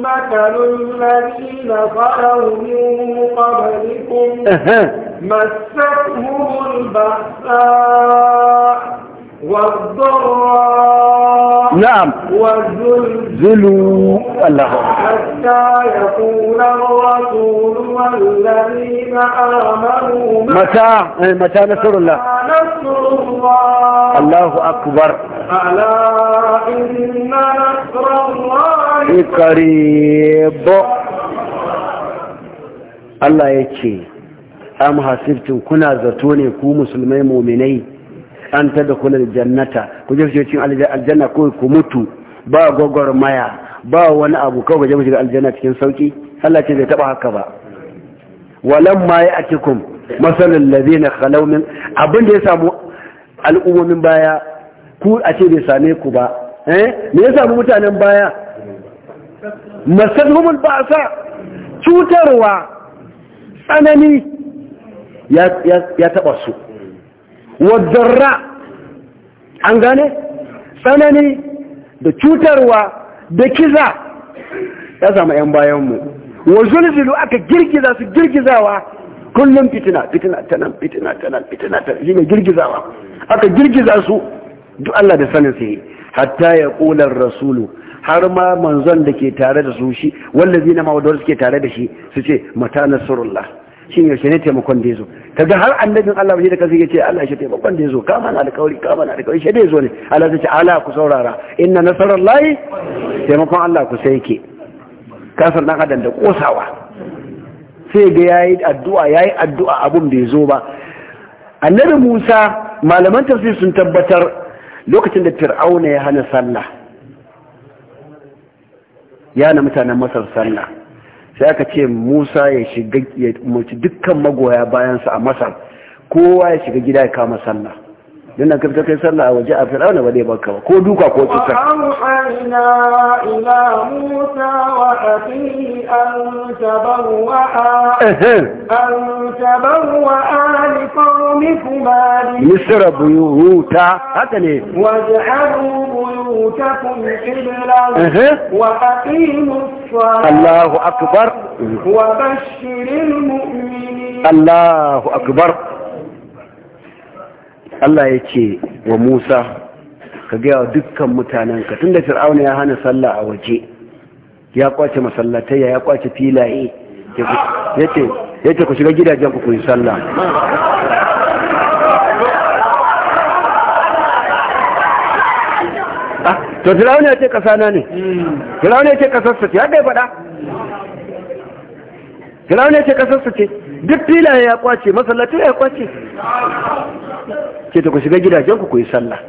مثل الذين خلوا من قبلكم مستهم البأساء والضراء نعم وزلزلوا الله حتى يقول الرسول والذين آمنوا متى متى إيه، نصر الله نصر الله الله أكبر ألا إن نصر الله إيه، قريب الله يكفي am hasibtum kuna zato ne ku musulmai muminai an ta da kula jannata ku je cikin aljanna ko ku mutu ba gwagwarmaya ba wani abu kawai ku je shiga aljanna cikin sauki Allah ce bai taba haka ba ma ya'tikum masalan ladina khalaw min abin da ya samu al'ummomin baya ku a ce bai same ku ba eh me ya samu mutanen baya masalhumul ba'sa cutarwa tsanani ya taba su wadarra an gane tsanani da cutarwa da kiza ya zama 'yan bayanmu wa zilu aka girgiza su girgizawa kullum fitina fitina ta nan fitina ta nan fitina ta shi ne girgizawa aka girgiza su duk Allah da sanin sai hatta ya kular rasulu har ma manzon da ke tare da su shi wallazi na mawadar suke tare da shi su ce mata nasrullah shin yaushe ne taimakon da ya zo, kaga har annabin Allah bai da kasu yace Allah shi taimakon da ya zo kama alƙawari da mana alƙawari shi da shi ne Allah zai ce ala ku saurara inna nasarallahi taimakon Allah ku sai yake kasar dan adam da kosawa sai ga yayi addu'a yayi addu'a abun da zo ba annabi Musa malaman tafsir sun tabbatar lokacin da Fir'auna ya hana sallah ya na mutanen Masar sallah sai aka ce musa ya shiga ya umarci dukkan magoya bayansa a masar kowa ya shiga gida ya kama sallah لأن كنت تسر وجاء فرعون وليبك وقو دوكا قو تسر وأوحينا إلى موسى وأخيه أن تبوأ أن تبوأ لقومكما مصر بيوتا واجعلوا بيوتكم حبلا وأقيموا الصلاة الله أكبر وبشر المؤمنين الله أكبر Allah ya ce wa Musa ka gaya wa dukkan mutanenka tunda fir'auna ya hana sallah a waje ya kwace masallatai ya kwace filaye ya ce ku shiga gidajen ku yi sallah ah, to fir'auna ya ce kasana ne fir'auna ya ce kasarsa ce ya kai faɗa fir'auna ya ce kasarsa ce duk filaye ya kwace masallaci ya kwace ke ta ku shiga gidajen ku ku yi sallah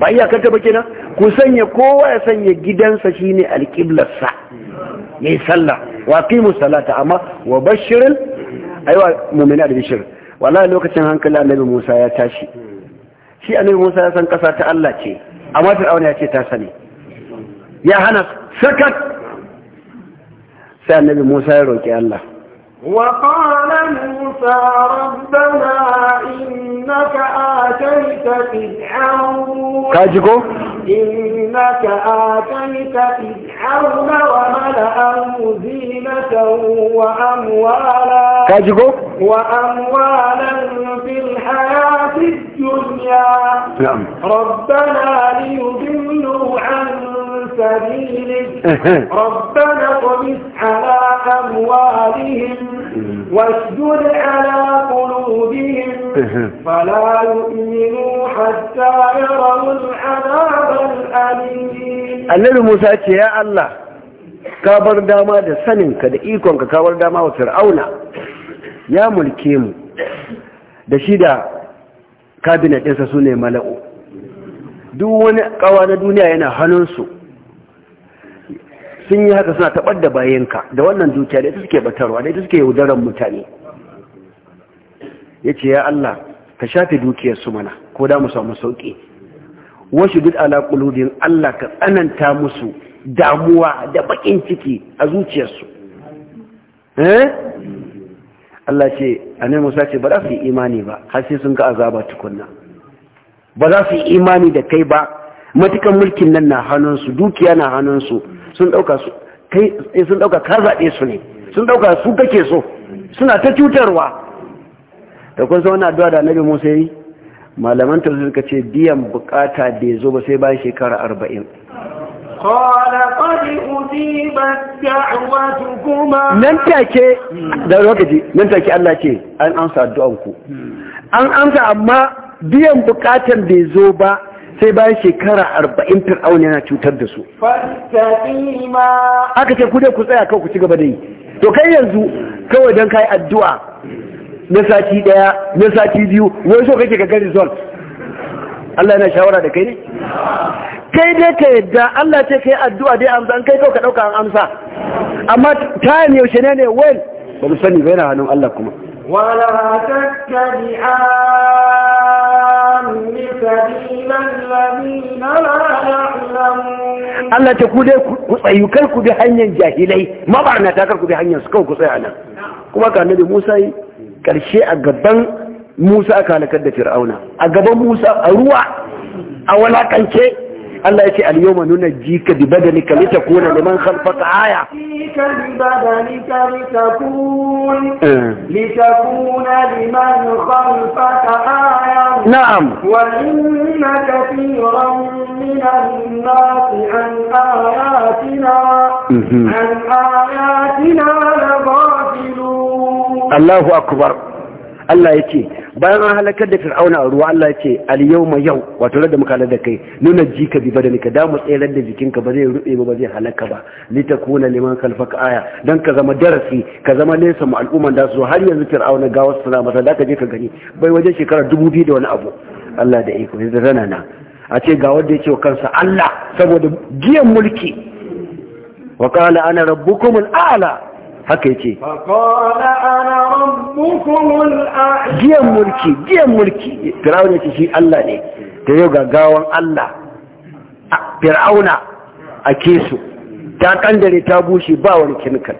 ba iyakar ta ba kenan ku sanya kowa ya sanya gidansa shine ya yi sallah wa qimu salata amma wa bashiril aiwa mu'mina da bishir wallahi lokacin hankali annabi Musa ya tashi shi annabi Musa ya san kasa ta Allah ce amma fir'aun ya ce ta sani ya hana sakat sai annabi Musa ya roki Allah وقال موسى ربنا إنك آتيت فرعون كاجيكو إنك آتيت فرعون وملأه زينة وأموالا كاجيكو وأموالا في الحياة الدنيا نعم ربنا ليضلوا عن سبيلك ربنا طمس على أموالهم واسجد على قلوبهم فلا يؤمنوا حتى يروا العذاب الأليم النبي موسى يا الله kabar dama da saninka da ikonka kabar dama wa fir'auna ya mulke mu da shi da kabinet ɗinsa su ne mala'u duk wani ƙawa na duniya yana hannunsu sun yi haka suna taɓar da bayanka da wannan dukiya da ita suke batarwa da ita suke yaudaran mutane ya ce ya Allah ka shafe dukiyarsu mana ko da mu samu sauƙi wasu duk alaƙulubin Allah ka tsananta musu damuwa da baƙin ciki a zuciyarsu eh? Allah ce annabi Musa ce ba za su yi imani ba har sai sun ga azaba tukunna ba za su yi imani da kai ba matukan mulkin nan na hannunsu dukiya na hannunsu sun dauka su kai eh, sun dauka ka zaɓe su ne sun dauka su kake so suna ta cutarwa da kun san wannan addu'a da Annabi Musa yi malaman ta suka ce biyan bukata da yazo ba sai bayan shekara 40 qala qad utibat da'watukuma nan take da lokaci nan take Allah ce an amsa addu'anku an amsa amma biyan bukatan da yazo ba sai bayan shekara arba'in fir'aun yana cutar da su aka ce ku dai ku tsaya kawai ku ci gaba da yi to kai yanzu kawai don kai addu'a na sati daya na sati biyu wai so kake ga result Allah yana shawara da kai ne kai dai ka yadda Allah ce kai addu'a dai amsa an kai kawai ka dauka an amsa amma ta yaushe ne ne wai ba mu sani ba yana hannun Allah kuma ولا تتبع سبيل الذين لا يعلمون الله تقول كتسيكر كبي hanyar jahilai mabarnata kar ku bi hanyar su kawai ku tsaya nan kuma ga annabi Musa karshe a gaban Musa aka halakar da Fir'auna a gaban Musa a ruwa a walakance Allah ya اليوم ننجيك ببدنك لتكون لمن خلفك آية ننجيك ببدنك لتكون لتكون لمن خلفك آية نعم وإن كثيرا من الناس عن آياتنا عن آياتنا لغافلون الله أكبر Allah ya ce bayan an halakar da fir'auna a ruwa Allah ya ce al ma yau wato da muka da kai nuna jika bi ba da mu tsayar da jikinka ba zai rube ba ba zai halaka ba litakuna liman kalfaka aya dan ka zama darasi ka zama nesa mu al'umman da su har yanzu fir'auna ga wasu sana masa da ka je ka gani bai wajen shekara dubu biyu da wani abu Allah da iko yanzu zana na a ce ga wanda ya ce wa kansa Allah saboda giyan mulki wa qala ana rabbukumul a'la haka yake giyan mulki giyan mulki ya ce shi Allah ne ta yau gagawan Allah fir'auna a kesu ta kandare ta bushe ba wani Ta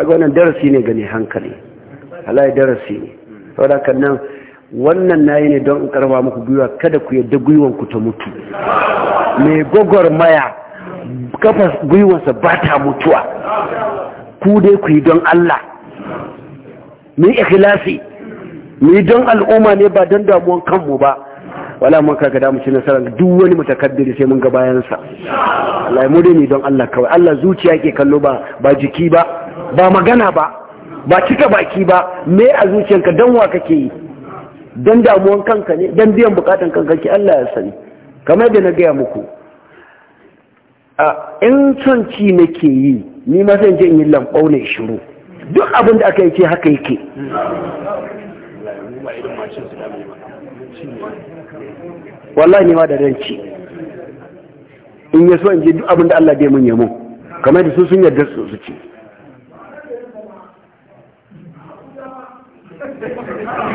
kaga wannan darasi ne gane hankali halai darasi ne saboda kan nan wannan nayi ne don in karba muku gwiwa kada ku yadda ku ta mutu mai gogor maya kafa gwiwansa ba ta mutuwa ku dai ku yi don Allah mu Ikilasi? ikhlasi yi don al'umma ne ba don damuwan kanmu ba wala mun kaga da mu ci nasara duk wani mutakabbiri sai mun ga bayan sa Allah mu dai ne don Allah kawai Allah zuciya ke kallo ba ba jiki ba ba magana ba ba cika baki ba me a zuciyanka dan wa kake yi dan damuwan kanka ne dan biyan bukatan kanka ki Allah ya sani kamar da na gaya muku in son ci ke yi ni ma zan je in yi lambau ne shiru duk abin da aka yi ce haka yake wallahi ne ma da ranci in ya so in je duk abin da Allah bai mun yamo kamar da su sun yarda su su ci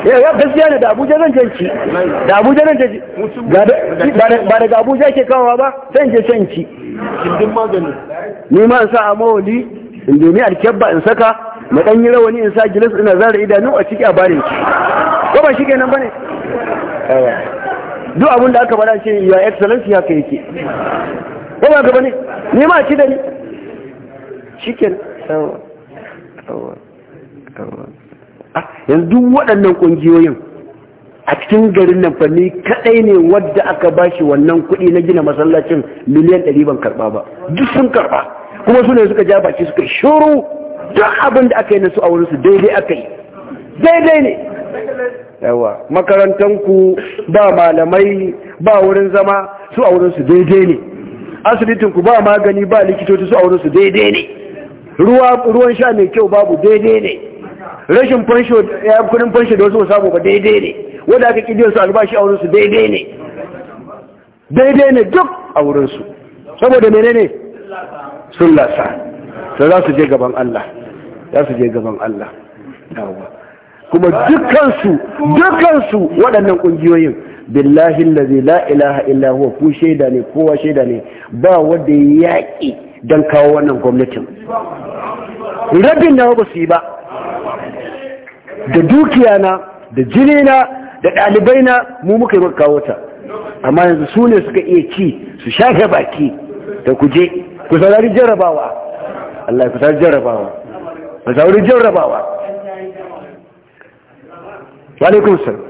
Eh, ya gaskiya ne da abuja zan canci da abuja zan canci ba daga abuja ke kawowa ba zan je canci ni ma in sa a mawali in domin alkebba in saka na ɗan yi rawani in sa gilas ina zara idanu a ciki a barin ki ko ba shi kenan ne? duk abin da aka bada ce ya excellence ya yake ko ba ka ne? ni ma ci da ni shi kenan Ah, yanzu waɗannan ƙungiyoyin a cikin garin nan fanni kaɗai ne wadda aka ba shi wannan kuɗi na gina masallacin miliyan ɗari ban karɓa ba duk sun karɓa kuma su ne suka ja baki suka shuru duk abin da aka yi na su a wurinsu daidai aka yi daidai ne yawa makarantanku ba malamai ba wurin zama su a wurinsu daidai ne ku ba magani ba likitoci su a wurinsu daidai ne ruwan sha mai kyau babu daidai ne rashin fansho ya kudin fansho da wasu samu ba daidai ne wanda aka ƙi biyar su albashi a wurinsu daidai ne daidai ne duk a wurinsu saboda mene ne sun lasa to za su je gaban Allah za su je gaban Allah kuma dukansu dukansu waɗannan ƙungiyoyin billahi allazi la ilaha illa ku shaida ne kowa shaida ne ba wanda ya yaƙi don kawo wannan gwamnatin rabin na ba su yi ba da dukiya na da jini na da ɗalibai na mu muka yi kawo ta amma yanzu su ne suka iya ci su shafe baki da kuje ku saurari jarrabawa Allah ku saurari jarrabawa ku saurari jarrabawa wa alaikum salam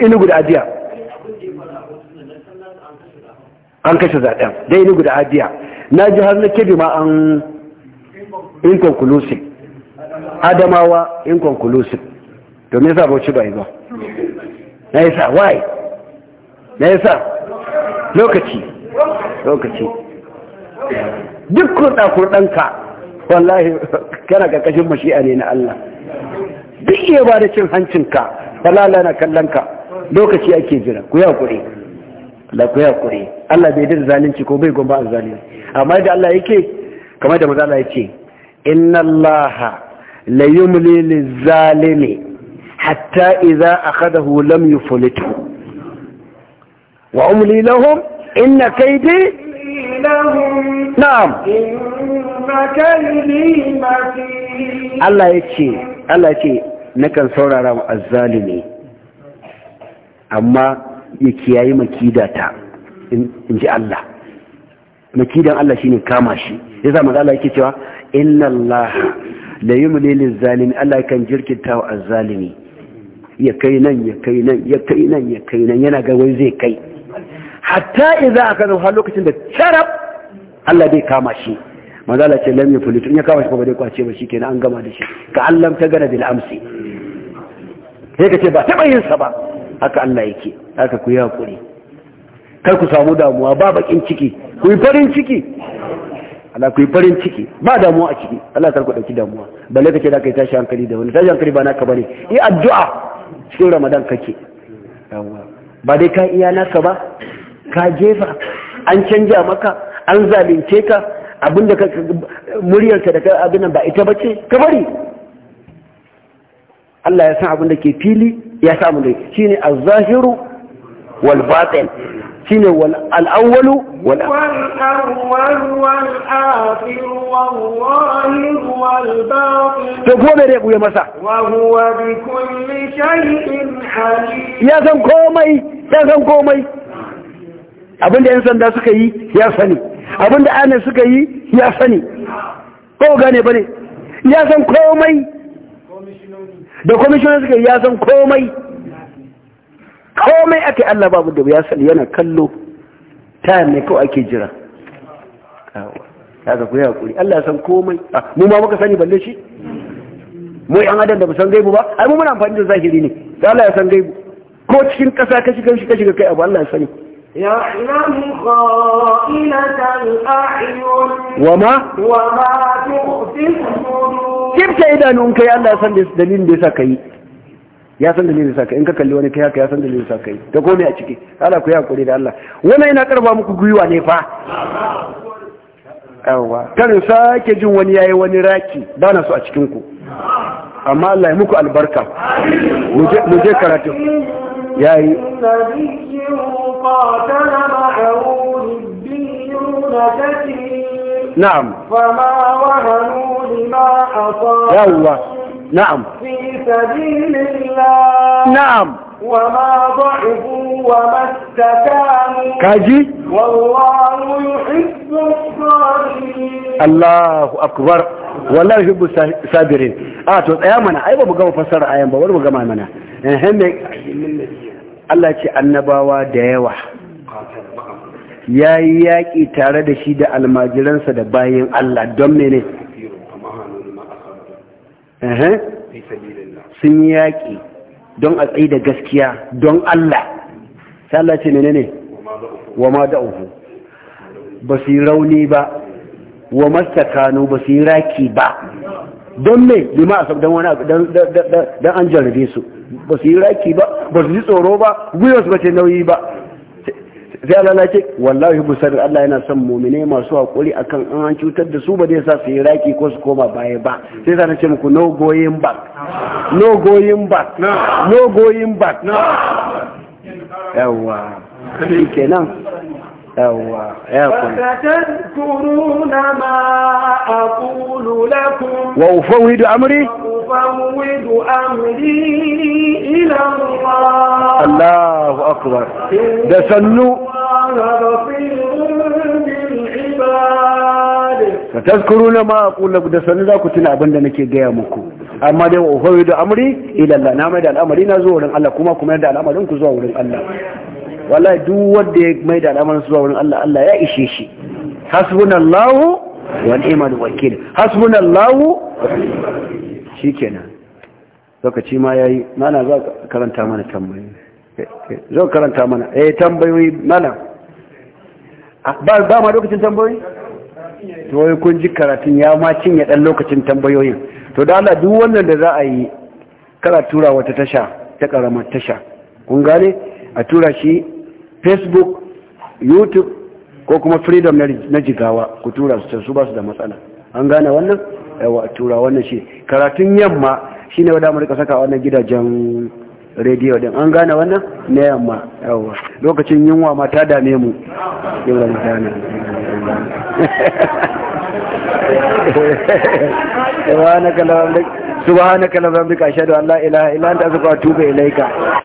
inugu da ajiya an kashe zaben dai ni guda hadiya na ji har na kebe ma an inconclusive adamawa inconclusive to me yasa bauchi bai ba na yasa why na yasa lokaci lokaci duk kurɗa kurɗanka wallahi kana ƙarƙashin mashi'a ne na Allah duk iya ba da cin hancinka falala na kallanka lokaci ake jira ku yi haƙuri Allah ku hakuri Allah bai da zalunci ko bai gomba azzalimi amma da Allah yake kamar da maza Allah yake inna Allah la yumli lizalimi hatta idza akhadahu lam yuflitu wa umli lahum inna kaydi lahum na'am inna kaydi matin Allah yake Allah yake nakan saurara wa azzalimi amma ya kiyaye makidata in ji Allah makidan Allah shine kama shi yasa maza Allah yake cewa inna Allah la yumli lil zalimi Allah kan jirkita wa zalimi ya kai nan ya kai nan ya kai nan ya kai nan yana ga wai zai kai hatta idza aka zo har lokacin da sharab Allah bai kama shi manzo Allah ce lam yufulit in ya kama shi ba bai kwace ba shikenan an gama da shi ka Allah ta gana bil amsi sai ka ce ba taba yin sa ba haka Allah yake haka ku yi hakuri kar ku samu damuwa ba bakin ciki ku yi farin ciki Allah ku yi farin ciki ba damuwa a ciki Allah kar ku dauki damuwa balle kake da kai tashi hankali da wani tashi hankali ba naka bane yi addu'a cikin Ramadan kake yawa ba dai ka iya naka ba ka jefa an canja maka an zalunce ka abinda ka muryarka da abin ba ita bace ka bari Allah ya san abin da ke fili ya sa mu dai shine az-zahiru والباطن شنو shine wal al-awwalu wal ya masa yan sanda suka yi ya sani abinda suka yi ya sani ko gane ne, ya san komai da kwamishinan suka yi ya san komai komai ake Allah babu da ya sani yana kallo ta ne kawai ake jira kaga zafi ya kuri Allah san komai ah, mu ma muka sani balle shi mu yan adam da ba san gaibu ba ai mu muna amfani da zahiri ne da Allah ya san gaibu ko cikin kasa ka shiga shi ka shiga kai abu Allah ya sani يعلم خائنة الأعين وما وما تخفي الصدور كيف تأذن أنك يا الله سندس دليل بسكي ya san dalilin sa kai in ka kalli wani kai haka ya san dalilin sa kai da gome a ciki Allah ku ya hakuri da Allah wannan yana karba muku gwiwa ne fa yawa sa sake jin wani yayi wani raki ba na so a cikin ku amma Allah ya muku albarka mu je karatu yayi na'am fama hanu lima asa yawa نعم في سبيل الله نعم وما ضعفوا وما استكانوا كاجي والله يحب الصابرين الله اكبر والله يحب الصابرين آه تقول يا منا بابا غما فسر آيان بابا غما منا هم الله يجي annabawa da ياي ya تاره دشي ده da shi da almajiransa da bayan Allah sun yi yaƙi don a tsaye da gaskiya don Allah sai Allah ce ne wa ma da uku ba su yi rauni ba wa mastakanu ba su yi raki ba don me lima a sabdan wani abu don an jarabe su ba su yi raki ba ba su yi tsoro ba gwiwarsu ba ce nauyi ba sai Allah na ce wallahi busar Allah yana son mumine masu haƙuri akan an an cutar da su ba zai sa su yi raki ko su koma baya ba sai sa na ce muku no goyin ba no goyin ba no goyin ba yawa kenan yawwa ya kun ma aqulu lakum wa ufawidu amri ufawidu amri ila Allah Allahu akbar da sannu ka taskuru na ma kula da sannu za ku tuna abin da nake gaya muku amma dai wa ufawidu da amri ilallah na mai da al'amari na zuwa wurin Allah kuma kuma yadda al'amarin ku zuwa wurin Allah wallahi duk wanda ya mai da al'amarin zuwa wurin Allah Allah ya ishe shi hasbunallahu wa ni'mal wakeel hasbunallahu shikenan lokaci ma yayi mana za ka karanta mana tambayoyi zo karanta mana eh tambayoyi mana ah, ba ba ma lokacin tambayoyi to kun ji karatun ya ma cinye dan lokacin tambayoyin to da Allah duk wannan da za a yi kara tura wata tasha ta karamar tasha kun gane a tura shi facebook youtube ko kuma freedom na jigawa ku tura su su ba su da matsala an gane wannan yawa tura wannan shi karatun yamma shi ne wadda amurka saka wannan gidajen rediyo din an gane wannan na yamma yawa lokacin yunwa ma ta dame mu yau da mutane subhanaka la ilaha illa anta astaghfiruka wa atubu ilaika